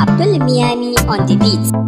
Abdul Miami on the beats.